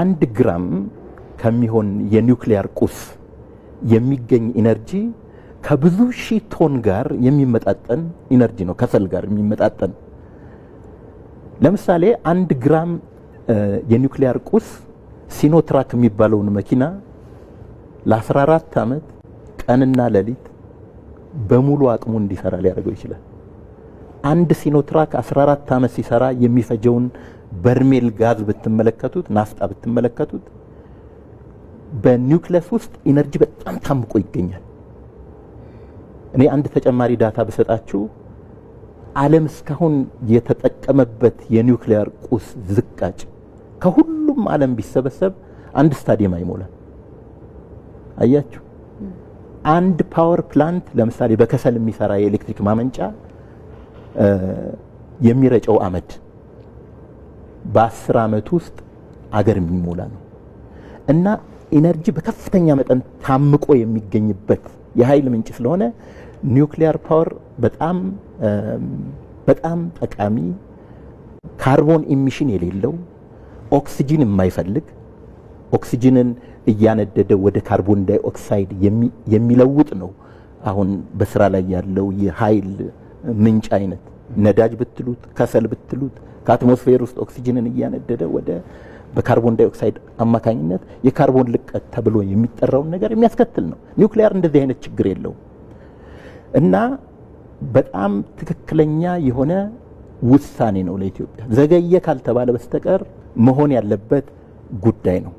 አንድ ግራም ከሚሆን የኒውክሊየር ቁስ የሚገኝ ኢነርጂ ከብዙ ሺህ ቶን ጋር የሚመጣጠን ኢነርጂ ነው። ከሰል ጋር የሚመጣጠን ለምሳሌ አንድ ግራም የኒውክሊየር ቁስ ሲኖትራክ የሚባለውን መኪና ለ14 ዓመት ቀንና ሌሊት በሙሉ አቅሙ እንዲሰራ ሊያደርገው ይችላል። አንድ ሲኖትራክ 14 ዓመት ሲሰራ የሚፈጀውን በርሜል ጋዝ ብትመለከቱት፣ ናፍጣ ብትመለከቱት በኒውክለስ ውስጥ ኢነርጂ በጣም ታምቆ ይገኛል። እኔ አንድ ተጨማሪ ዳታ ብሰጣችሁ ዓለም እስካሁን የተጠቀመበት የኒውክሊያር ቁስ ዝቃጭ ከሁሉም ዓለም ቢሰበሰብ አንድ ስታዲየም አይሞላም። አያችሁ፣ አንድ ፓወር ፕላንት ለምሳሌ በከሰል የሚሰራ የኤሌክትሪክ ማመንጫ የሚረጨው አመድ በአስር ዓመት ውስጥ አገር የሚሞላ ነው እና ኢነርጂ በከፍተኛ መጠን ታምቆ የሚገኝበት የኃይል ምንጭ ስለሆነ ኒውክሊያር ፓወር በጣም በጣም ጠቃሚ ካርቦን ኢሚሽን የሌለው ኦክሲጂን የማይፈልግ ኦክሲጂንን እያነደደ ወደ ካርቦን ዳይኦክሳይድ የሚለውጥ ነው። አሁን በስራ ላይ ያለው የኃይል ምንጭ አይነት ነዳጅ ብትሉት ከሰል ብትሉት ከአትሞስፌር ውስጥ ኦክሲጅንን እያነደደ ወደ በካርቦን ዳይኦክሳይድ አማካኝነት የካርቦን ልቀት ተብሎ የሚጠራውን ነገር የሚያስከትል ነው። ኒውክሊያር እንደዚህ አይነት ችግር የለውም እና በጣም ትክክለኛ የሆነ ውሳኔ ነው ለኢትዮጵያ። ዘገየ ካልተባለ በስተቀር መሆን ያለበት ጉዳይ ነው።